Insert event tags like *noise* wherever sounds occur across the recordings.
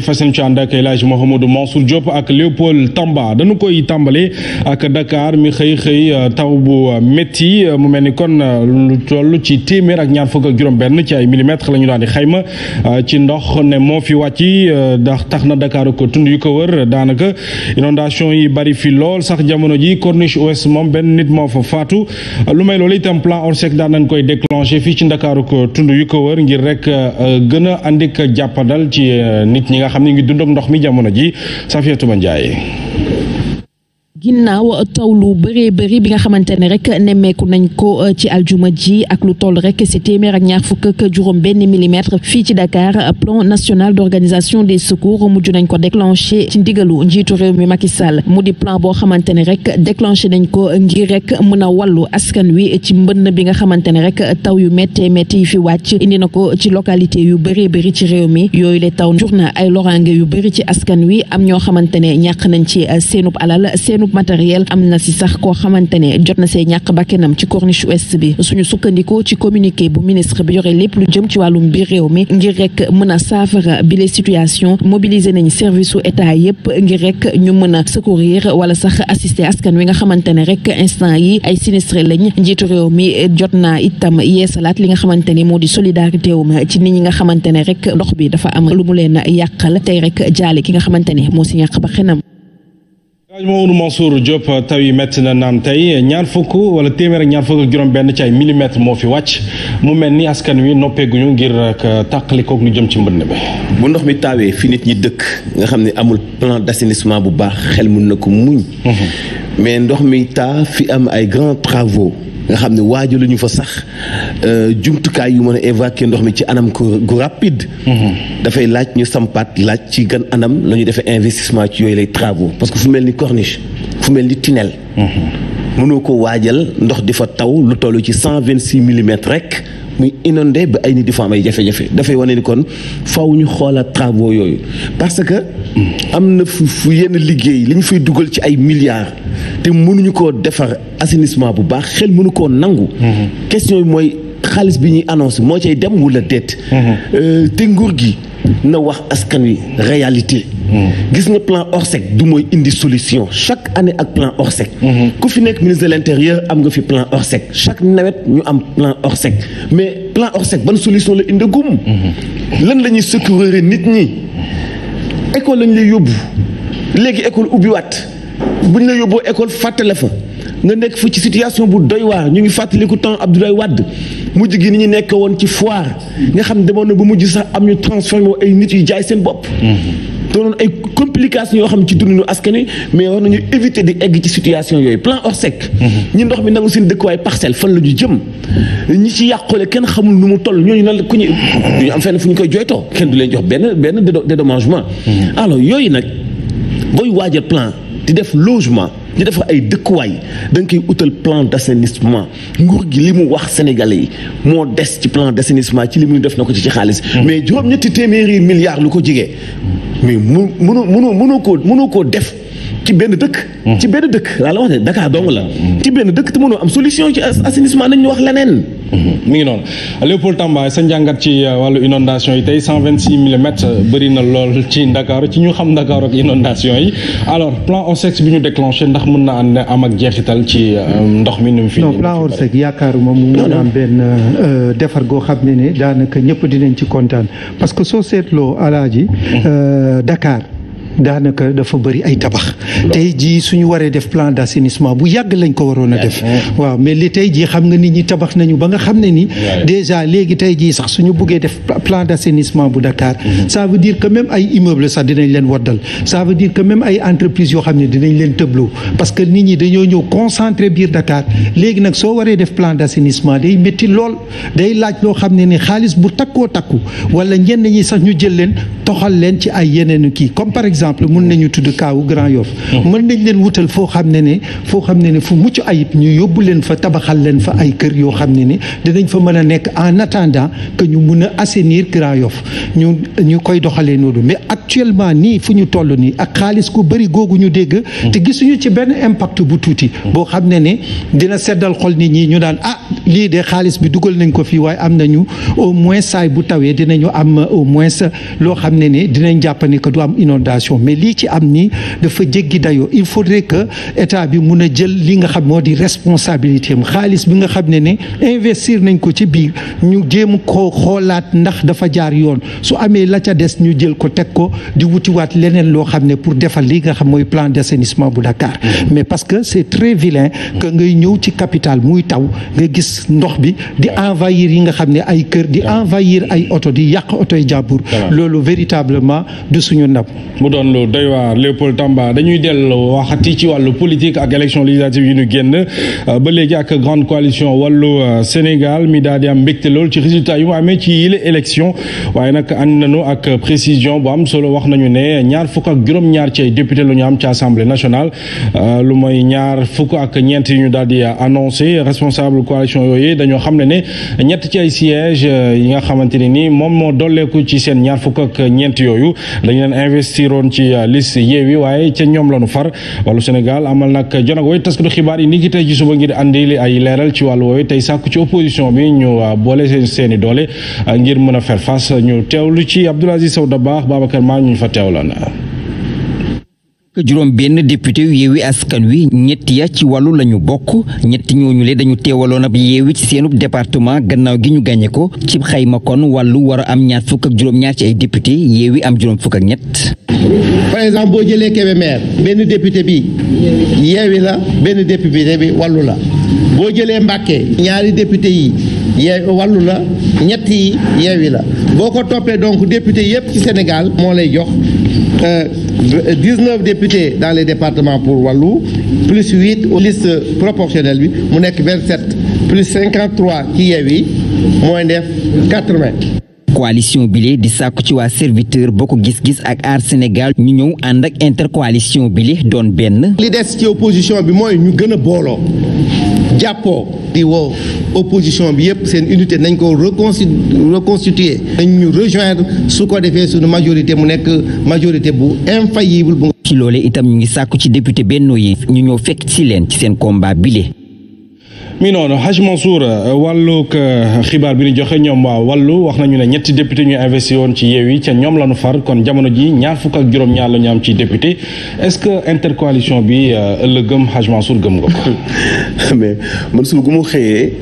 fas yéene ci ànd ak El Hadj Mouhamadou Mansour Diop ak Léopold Tamba dañu koy tàmbale ak Dakar mi xëy xëy euh, taw bu euh, metti euh, mu mel ni kon lu toll ci téeméer ak ñaar fukk ak juróom-benn ci ay milimètres lañu ñu daan di xayma ci ndox ne moo fi wàcc dax tax na Dakar ko tund yu ko wër daanaka inondation yi bari fi lool sax jamono ji corniche ouest moom benn nit moo fa faatu lu may loolu itam plan Orsec daan koy déclenché fii ci Dakar tund yu ko wër ngir rek gën a àndik jàppandal ci nit ñi. nga xam ne ngi dund ak ndox mi jamono ji Safiatou Ndiaye ginnaaw taw lu bëree bëri bi nga xamante ne rek nemmeeku nañ ko euh, ci aljuma ji ak lu toll rekk si téeméer ak ñaar fukk ak juróom benn millimètre fii ci Dakar plan national d'organisation des secours mujj nañ ko déclenché ndigalu njiitu réew mi Macky Sall mu di boo xamante ne rek déclenché nañ ko ngir rek mën a wàllu askan wi ci mbënn bi nga xamante ne rek taw yu méttee métti yi fi wàcc indi na ko ci localité yu bëree bëri ci réew mi yooyu le taw jur na ay loraange yu bëri ci askan wi am ñoo xamante ne ñàkk nañ ci euh, seenub alal seenub matériel am na si sax koo xamante ne jot na see ñàkk bakkanam ci corniche ouest bi suñu sukkandikoo ci communiqué bu ministre bi yore lépp lu jëm ci wàllum biir réew mi ngir rek mën a saafara bile situation mobiliser nañu service su état yépp ngir rek ñu mën a secourir wala sax assister askan wi nga xamante ne rek instant yi ay sinistré lañ njiitu réew mi jot naa itam yeesalaat li nga xamante ne moo di solidarité wu ci nit ñi nga xamante ne rek ndox bi dafa am lu mu leen yàqal tey rek jaale ki nga xamante ne moo si ñàkk ba xenam laaj Mamadou Mansour Diop euh, taw yi métti na naam tey ñaar fukk wala téeméer ak ñaar fukk ak juróom-benn caay ay milimètre moo fi wàcc mu mel ni askan wi noppeeguñu ngir ak euh, tàqalikoog lu jëm ci mbënn bi bu ndox mi taawee fi nit ñi dëkk nga xam ne amul plan d'assainissement bu baax xel mun na ko muñ mais ndox mi taa fi am ay grands travaux nga xam ne waajal ñu fa sax euh, jumtukaay yu mën a évacuer ndox mi ci anam gu rapide. Mhm. dafay laaj ñu sampaat laaj ci gën anam la ñu defee investissement ci yooyu lay travaux parce que fu mel ni corniche fu mel ni tunnel. Mhm. mënoo ko waajal ndox di fa taw lu toll ci cent vingt six millimètres rek. muy inondé ba ay nit di fa am ay jafe-jafe dafay wane ni kon faaw ñu xoolaat travaux yooyu parce que am na fu yenn liggéey li ñu fay dugal ci ay milliards te mënuñu koo defar assainissement bu baax xel mënu koo nangu. Mm-hmm. question yi mooy xaalis bi ñuy annonce moo cay dem wala déet. Mm-hmm. Euh, te nguur gi na wax askan wi réalité. Mm-hmm. gis nga plan Orsec du mooy indi solution chaque année ak plan Orsec. Mm-hmm. ku fi nekk ministre de am nga fi plan Orsec chaque nawet ñu am plan Orsec mais plan Orsec ban solition la indi gum mm-hmm. lan la ñuy secourir nit ñi école lañ lay yóbbu léegi école ubbiwaat buñ la yóbboo école fàttale fa. nga nekk fu ci situation bu doy waar ñu ngi fàttaliku temps Abdoulaye Wade mujj gi ni ñu nekkee woon ci foire nga xam demoon na ba mujj sax am ñu ay nit yu jaay seen bopp. doonoon ay complications yoo xam ne ci dundinu askan wi mais war nañu éviter di egg ci situation yooyu plan Orsec. Mm-hmm. ñi ndox mi nangu seen dëkkuwaay parcelle fan la ñu jëm. ñi ci yàqule kenn xamul nu mu toll ñooñu nan la ku ñu duñu am fenn fu ñu koy joytoo kenn du leen jox benn benn dédommagement. Mm-hmm. alors yooyu nag booy waajal plan di def logement. ñu def ay dëkkuwaay da koy utal plan d' assainissement nguur gi li mu wax Sénégalais yi moo des ci plan d' assainissement ci li mu def na ko ci ci xaalis. Mm-hmm. mais juróom téeméeri milliards lu ko jege. mais mu mënu mënu mënu koo mënu koo def ci benn dëkk. Mm. ci benn dëkk laa la wax de Dakar la. Mm. ci benn dëkk te mënoo am solution ci assainissement nañ ñu wax leneen. Mm-hmm. mi ngi noonu Léopold Tamba sa njàngat ci euh, wàllu inondation yi tey 126 millimètres euh, bëri na lool ci Dakar ci ñu xam Dakar ak inondation yi alors plan ORSEC bi ñu déclenché ndax mun na am ak jeexital ci euh, ndox mi nu mu fi. non plan ORSEC yaakaaruma mu mën am benn defar goo xam ni ne daanaka ñëpp dinañ ci kontaan parce que soo seetloo alaaji mm-hmm. Dakar. daanaka dafa bëri ay tabax tey jii su ñu waree def plan d'assainissement bu yàgg lañ ko waroon a def waaw mais li tey jii xam nga nit ñi tabax nañu ba nga xam ne ni déjà léegi tey jii sax suñu buggee def plan d'assainissement bu Dakar saa veut dire que même ay immeuble sax dinañ leen waddal ça veut dire que même ay entreprise yoo xam ne dinañ leen tëbloo parce que nit ñi dañoo ñëw concentré biir dakaar léegi nag soo waree def plan d'assainissement day métti lool day laaj loo xam ne ni xaalis bu takkoo takku wala ñenn ñi sax ñu jël leen toxal leen ci ay yeneen kii exemple mun nañu tudd kaawu Grand Yoff mm-hmm. mën nañ leen wutal foo xam ne ne foo xam ne ne fu mucc ayib ñu yóbbu leen fa tabaxal leen fa ay kër yoo xam ne ne dinañ fa mën a nekk en attendant ñu mun a assainir Grand ñu ñu koy doxalee noonu mais actuellement nii fu ñu toll nii ak xaalis ku bëri googu ñu dégg mm-hmm. te gisuñu ci benn impact bu tuuti mm-hmm. boo xam ne ne dina seddal xol nit ñi ñu daan ah lii de xaalis bi dugal nañ ko fii waaye am nañu au moins saay bu tawee dinañu am au moins loo xam ne ne dinañ jàpp ne que du am inondation situation mais lii ci am nii dafa jéggi dayoo il faudrait que état bi mun a jël li nga xam moo di responsabilité am xaalis bi nga xam ne ne investir nañ ko ci biir ñu jéem ko xoolaat ndax dafa jaar yoon su amee la ca des ñu jël ko teg ko di wutiwaat leneen loo xam ne pour defal li nga xam mooy plan d'assainissement bu Dakar mais parce que c'est très vilain que ngay ñëw ci capital muy taw nga gis ndox bi di envahir yi nga xam ne ay kër di envahir ay oto di yàq oto yi jàmbur loolu véritablement du suñu ndam doon lu doy waar Léopold Tamba dañuy dellu waxati ci wàllu politique ak élection législative yi ñu génn euh, ba léegi ak grande coalition wàllu euh, Sénégal mi daal di am mbégte lool ci résultat yu mu amee ci yile élection waaye nag ànd nañu ak précision bu am solo wax nañu ne ñaar fukk ak juróom-ñaar ci ay député lu ñu am ci assemblée nationale euh, lu mooy ñaar fukk ak ñeent yi ñu daal di annoncé responsable coalition yooyu dañoo xam ne ne ñett ci ay siège yi nga xamante ne ni moom moo dolleeku ci seen ñaar fukk ak ñeent yooyu ci euh, list Yewwi waaye ca ñoom la lanu far wàllu Sénégal amal nag jonog way taskatu xibaar yi ni ki tey ci suba ngir andili ay leeral ci wàllu woowe tey sàkku ci opposition bi ñu euh, boole seeni doole euh, ngir mën a faire face ñu teewlu ci Abdoul Aziz Sow Dabakh Babacar maa ñu fa teewlan juróom benn député yu yeewi askan wi ñett ya ci wàllu lañu bokk ñetti ñooñu le dañu teewaloon ab yeewi ci seenub département gannaaw gi ñu gàññe ko ci xayma kon wàllu war a am ñaar fukk ak juróom-ñaar ci ay député yeewi am juróom fukk ñett par exemple boo jëlee Kébémer benn député bi yeewi la benn député bi wàllu la boo jëlee Mbàkke ñaari député yi yee wàllu la ñett yi la boo ko toppee donc député yëpp ci Sénégal moo lay jox 19 euh, députés dans les départements pour wàllu plus 8 au liste proportionnelle bi mu nekk 27 plus 53 ci yeewi mooy def 80 coalition bile di sàkku ci waa serviteur boo ko gis-gis ak aar Sénégal ñu ñëw ànd ak bi bile doon benn. li des ci opposition bi mooy ñu gën a booloo jàppoo di woo opposition bi yëpp seen unité nañ ko reconstituer nañ ñu rejoindre su ko defee suñu majorité mu nekk majorité bu infaillible bu. ci loole itam ñu ngi sàkku ci député Benno yi ñu ñëw fekk ci leen ci seen combat bile. mi noonu Haj Mansour wàllug euh, xibaar bi ñu joxe ñoom waa wàllu wax nañu ne ñetti député ñu investi woon ci yeew yi ca ñoom lañu far kon jamono ji ñaar fukk ak juróom-ñaar la ñu am ci député est-ce que intercoalition bi euh, ëllëg gëm Haj Mansour gëm nga ko. *laughs* mais man suur gu mu xëyee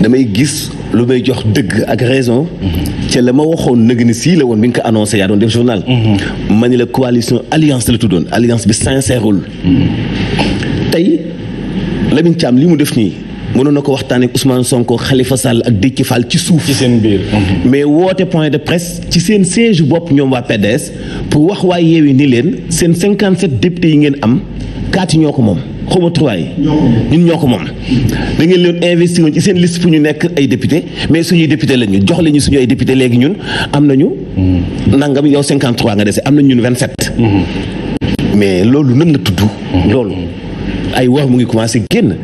damay gis lu may jox dëgg ak raison. Mm-hmm. ca la ma waxoon nag ni sii la woon bi nga ko annoncé yaa doon def journal. Mm-hmm. ma ni la coalition alliance la tuddoon alliance bi sincèreul. Mm-hmm. tey Lamine Thiam li mu def nii. mënoon na ko waxtaanee ak Ousmane Sonko Khalifa Sall ak Déthié Fall ci suuf. ci seen biir. mais woote point de presse ci seen siège bopp ñoom waa PDS pour wax waa Yewwi ni leen seen cinquante 57 députés yi ngeen am kaati ñoo ko moom. xaw ma trois yi ñun ñoo ko moom da ngeen leen investir woon ci seen liste pour ñu nekk ay député mais su député la ñu jox lañu suñu ay député léegi ñun am nañu mm-hmm. nangam yow cinquante trois nga dese am nañu ñun vingt sept mm-hmm. mais loolu la tudd mm-hmm. loolu ay wax mu ngi commencé génn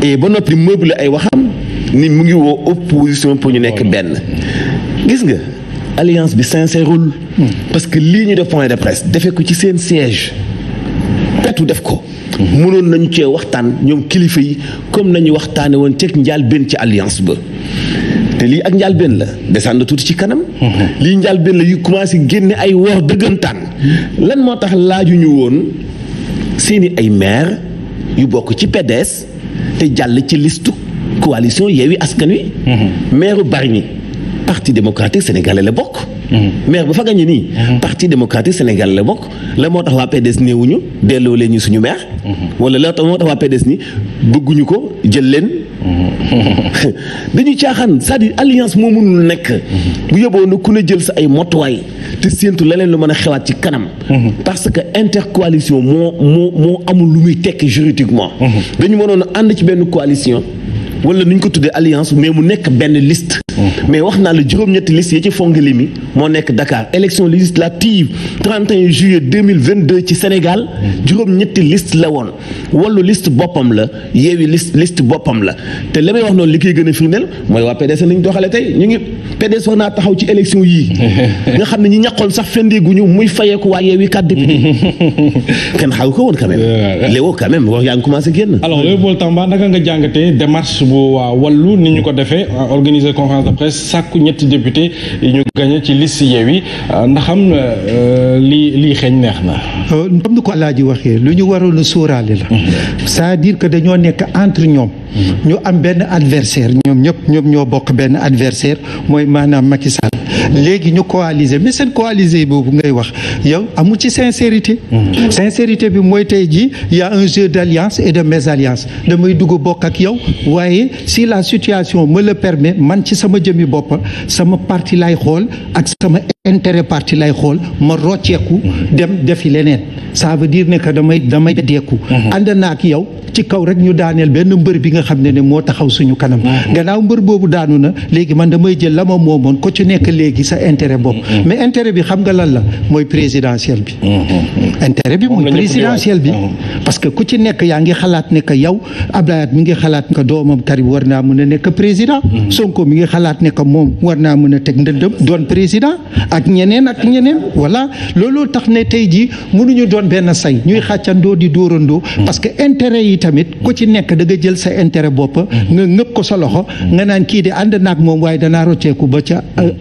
ba noppi meuble ay waxam ni mu ngi woo opposition pour ñu nekk benn gis nga alliance bi sincèreul hmm. parce que lii ñu def point de presse defee ko ci seen siège petu def ko mënoon nañu cee waxtaan ñoom kilifa yi comme nañu waxtaane woon ceeg njaal benn ci alliance ba te lii ak njaal benn la descendre tuuti ci kanam hmm. lii njaal benn la yu commencé génne ay wor dëggantaan lan moo tax laajuñu woon seeni ay maire yu bokk ci PDS te jàll ci listu coalition Yewwi Askan Wi. Mhm. maire Bargny parti démocratique sénégalais la bokk. Mhm. maire ba fa gañe nii. Mhm. parti démocratique sénégalais la bokk la moo tax waa PDS néewuñu delloo leen ñu suñu maire. wala la moo tax waa PDS ni bëgguñu ko jël leen. *laughs* dañuy caaxaan cest à alliance moo mënul nekk. bu yóbboo na ku ne jël sa ay motuwaay. te séentu leneen lu mën a xewaat ci kanam. parce que intercoalition moo moo moo amul lu muy tekki juridiquement. Mhm. dañu mënoon a ànd ci benn coalition. wala nu ñu ko tuddee alliance mais mu nekk benn liste. mais wax naa la juróom-ñetti liste yi ci fongeli mi moo nekk Dakar élection législative juillet ci Sénégal juróom-ñetti liste la woon wallu liste boppam la yeewi liste liste boppam la te li may wax noonu li koy gën a firndeel mooy waa PDS nañ doxale tey ñu ngi PDS wax naa taxaw ci élection yii *laughs* nga xam ne ñi ñàkkoon sax fendeeguñu muy fayeeku waa yeewi quatre députés *laughs* kenn xaw ko woon quand même léewoo quand yaa ngi commencé génn alors Léopold Tamba naka nga jàngatee démarche bu waa wallu ni ñu ko defee organiser conférence sàkku ñetti député ñu gagné ci liste Yewwi ndax xam euh, li lii xeeñ neex na. Euh, comme ni ko ji waxee lu ñu waroon a sóoraale la. Mhm. c'est-à-dire que dañoo nekk entre ñoom. Mhm. ñu am benn adversaire ñoom ñëpp ñoom ñoo bokk benn adversaire mooy maanaam Macky léegi ñu coaliser mais seen coaliser boobu ngay wax yow amul ci sincérité. Mm-hmm. sincérité bi mooy tey jii y a un jeu d'alliance et de mésalliance damay dugg bokk ak yow waaye si la situation me le permet man ci sama jëmi bopp sama parti lay xool ak sama intérêt parti lay xool ma rocceeku mm-hmm. dem defi leneen ça veut dire ne que damay damay deeku mm-hmm. ànd naa ak yow ci kaw rek ñu daaneel benn mbër bi nga xam ne ne moo taxaw suñu kanam gannaaw mbër boobu daanu na léegi man damay jël la ma moomoon ko ci nekk léegi sa intérêt bopp mm-hmm. mais intérêt bi xam nga lan la mooy présidentiel bi mm-hmm. intérêt bi mooy présidentiel bi mm-hmm. parce que ku ci nekk yaa ngi xalaat ne que yow Abdoulaye mi ngi xalaat ne que doomam Karim war naa mën a nekk président Sonko mi ngi xalaat ne que moom war naa mën a teg ndëndëm doon président ak ñeneen ak ñeneen voilà looloo tax ne tey jii mënuñu doon benn say ñuy xàccandoo di dóorandoo tamit ku ci nekk da nga jël sa intérêt bopp nga ngëpp ko sa loxo nga naan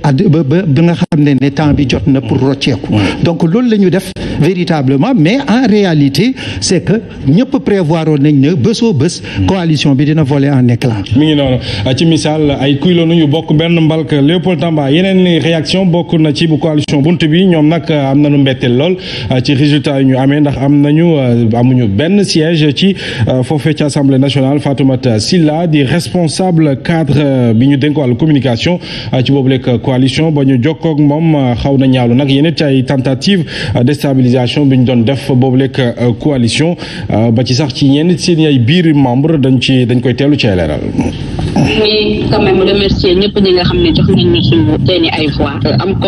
euh, ba ba ba nga xam ne ne temps bi jot na pour rocceeku donc loolu la ñu def véritablement mais en réalité c'est que ñëpp prévoir oon nañ ne bésoo bés coalition bi dina voler en éclat mi ngi noonu euh, ci misaal ay kuy la ñu bokk benn mbalk Léopold Tamba yeneen réaction bokk na ci bu coalition bunt bi ñoom nag euh, am nañu mbetteel lool ci résultat yi ñu amee ndax am nañu amuñu benn siège ci Euh, foofee ci assemblée nationale Fatoumata Silla di responsable cadre euh, bi ñu dénk wàllu communication euh, ci boobu lekk coalition ba ñu jokkoog moom xaw na ñaalu nag yeneen ci ay tentative déstabilisation bi ñu doon def boobu lekk coalition ba ci sax ci ñenn seen ay biir membre dañ ci dañ koy teelu ci ay leeral mais quand même remercier ñëpp ne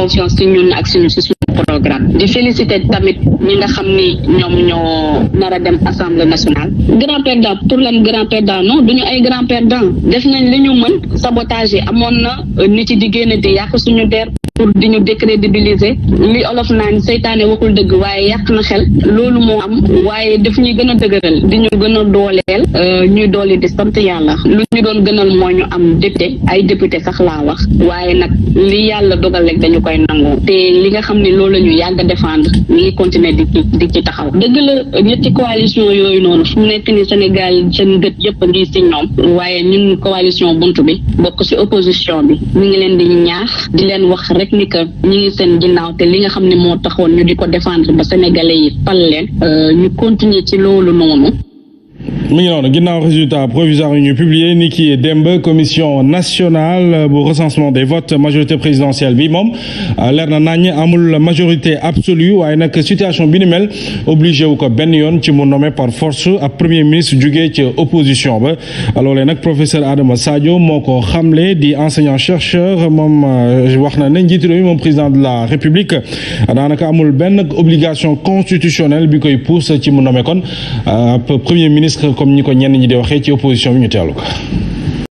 jox programme di féliciter tamit ñi nga xam ni ñoom ñoo nar a dem assemblée nationale grand perdant pour lan grand perdant non du ñu ay grand perdant def nañ li ñu mën sabotage yi amoon na nit yi di génn di yàq suñu der pour di ñu décrédibiliser li olof naan seytaane waxul dëgg waaye yàq na xel loolu moo am waaye dafa ñu gën a dëgëral di ñu gën a dooleel euh, ñuy doole di sant yàlla lu ñu doon gënal moo ñu am député ay député sax laa wax waaye nag li yàlla dogal rek dañu koy nangoo te li nga xam ni loolu la ñu yàgg defande défendre ñuy di ci di ci taxaw dëgg la ñetti coalition yooyu noonu su mu nekk ni Sénégal seen gët yëpp a ngi si ñoom waaye ñun coalition bunt bi bokk si opposition rek que ñi ngi seen ginnaaw te li nga xam ne moo taxoon ñu di ko défendre ba sénégalais yi fal leen euh, ñu continuer ci loolu noonu mi ngi noonu ginnaaw résultat provisoire yu ñu publié ni ki démb commission nationale bu recensement des votes majorité présidentielle bi moom euh, leer na nañ amul majorité absolue waaye nag situation bi ni mel obligé wu ko benn yoon ci mu nommé par force ab premier ministre jugee ci opposition ba loolee nag professeur Adama Sadio moo ko xamle di enseignant chercheur moom euh, wax na ne njiitu moom président de la république daanaka amul benn obligation constitutionnelle bi koy pousse ci mu nommé kon euh, risque comme ñi ko ñenn ñi di waxee ci opposition bi ñu teelu